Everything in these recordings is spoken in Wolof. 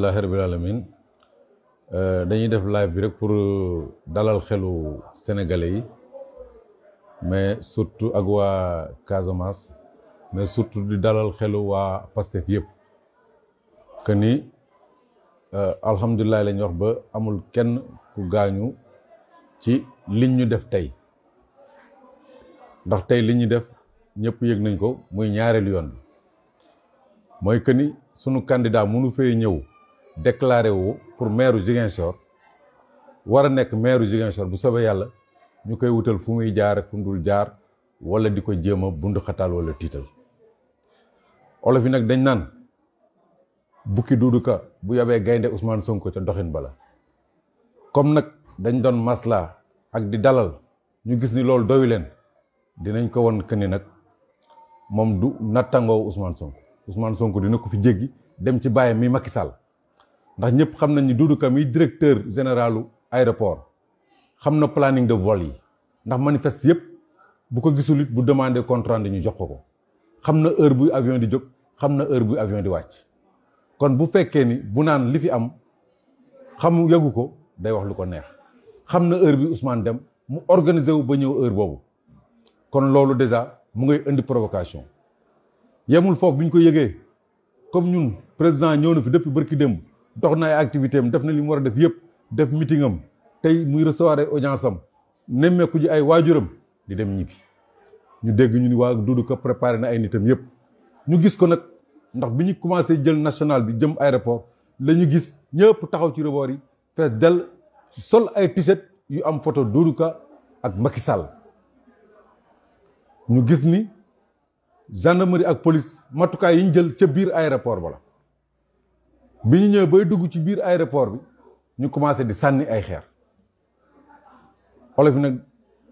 alhamdulilah rabil alamin euh, dañuy def live bi rek pour dalal xelu sénégalais yi mais surtout ak waa Casamance mais surtout di dalal xelu waa Pastef yëpp que ni euh, alhamdulilah la wax ba amul kenn ku gaañu ci liñ ñu def tey ndax tey li ñu def ñëpp yëg nañ ko muy ñaareelu yoon mooy que ni sunu candidat mënu fee ñëw. déclaré wu pour maire Ziguinchor war a nekk maire Ziguinchor bu soobee yàlla ñu koy wutal fu muy jaar fu mu dul jaar wala di ko jéem bunduxataal walla xataal wala tiital olof nag dañ naan bukki Doudou Ka bu yabee gaynde Ousmane sonk ca doxin bala comme nag dañ doon maslaa ak di dalal ñu gis ni loolu doyu leen dinañ ko won que ni nag moom du nattangoo Ousmane Sonko Ousmane Sonko dina ko fi jéggi dem ci bàyyam mi Macky Sall ndax ñëpp xam nañ ni Doudou Ka mi directeur généralu aéroport xam na planning de vol yi ndax manifeste yëpp bu ko gisul it bu demandé compte rendu ñu jox ko ko xam na heure bu avion di jóg xam na heure bu avion di wàcc kon bu fekkee ni bu naan li fi am xam yëgu ko day wax lu ko neex xam na heure bi Ousmane dem mu organiser wu ba ñëw heure boobu kon loolu déjà mu ngay indi provocation yemul foofu bi ñu koy yëgee comme ñun président ñëw na fi depuis bërki démb dox na ay activité def na li mu war a def yëpp def meeting am tey muy recevoir ay audience am nemmeeku ji ay waajuram di dem ñibbi ñu dégg ñu ni waa Doudou Ka préparé na ay nitam yëpp ñu gis ko nag ndax bi ñu commencé jël national bi jëm aéroport la ñu gis ñëpp taxaw ci rebord yi fees del sol ay t-shirt yu am photo Doudou ak Macky Sall ñu gis ni gendarmerie ak police matukaay yi ñu jël ca biir aéroport ba la bi ñu ñëw booy dugg ci biir aéroport bi ñu commencé di sànni ay xeer olof yi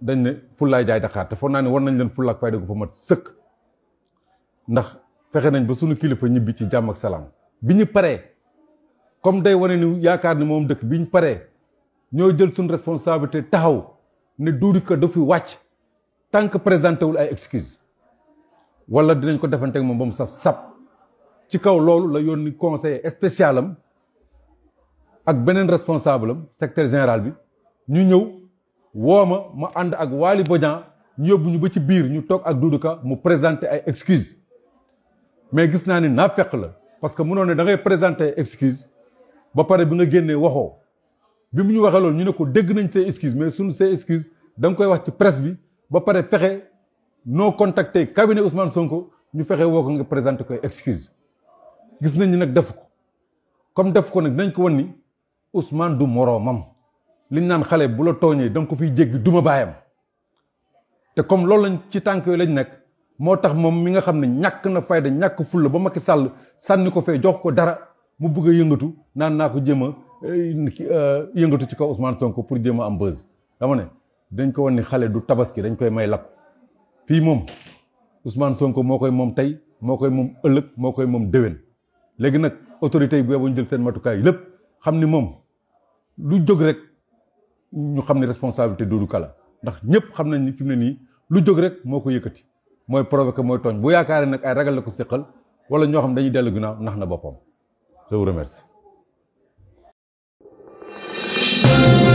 dañ ne fullaay jaay daqaar te foog naa ne war nañ leen fullaak fayda gu fa mat sëkk ndax fexe nañ ba sunu kilifa ñibbi ci jàmm ak salaam bi ñu paree comme day wane ni yaakaar ni moom dëkk bi ñu paree ñoo jël suñu responsabilité taxaw ne Doudou Ka dafi wàcc tant que présenté wul ay excuse walla dinañ ko defanteeg moom ba mu saf sap ci kaw loolu la yónni conseiller spécial am ak beneen responsable am secrétaire général bi ñu ñëw woo ma ma ànd ak waali Bodian ñu yóbbu ñu ba ci biir ñu toog ak Doudou mu présenter ay excuses mais gis naa ni naa fekk la parce que mënoon ne da ngay présenter excuse ba pare bi nga génnee waxoo bi mu ñu waxee loolu ñu ne ko dégg nañ say excuse mais suñu say excuse danga koy wax ci presse bi ba pare fexe noo contacter cabinet Ousmane Sonko ñu fexe woo ko nga présenter koy excuse gis nañ ni nag def ko comme def ko nag dinañ ko wan ni Ousmane du moroomam liñ naan xale bu la tooñee da nga ko jégg du duma baayam te comme loolu lañ ci tànk yooyu lañ nekk moo tax moom mi nga xam ne ñàkk na fayda ñàkk fulla ba Macky sàll sànni ko fee jox ko dara mu bugg a yëngatu naan naa ko jéem a eh, yëngatu ci kaw Ousmane Sonko pour jéem a am buzz dama ne dañ ko wan ni xale du tabaski dañ koy may lakk fii moom Ousmane Sonko moo koy moom tey moo koy moom ëllëg moo koy moom déwén. léegi nag autorité yi bu yeboo ñu jël seen matukaay lépp xam ni moom lu jóg rek ñu xam ne responsabilité Doudou Kala ndax ñëpp xam nañ ni fi mu ne nii lu jóg rek moo ko yëkkati mooy provoqué mooy tooñ bu yaakaaree nag ay ragal la ko séqal wala ñoo xam dañuy dellu ginnaaw nax na boppam je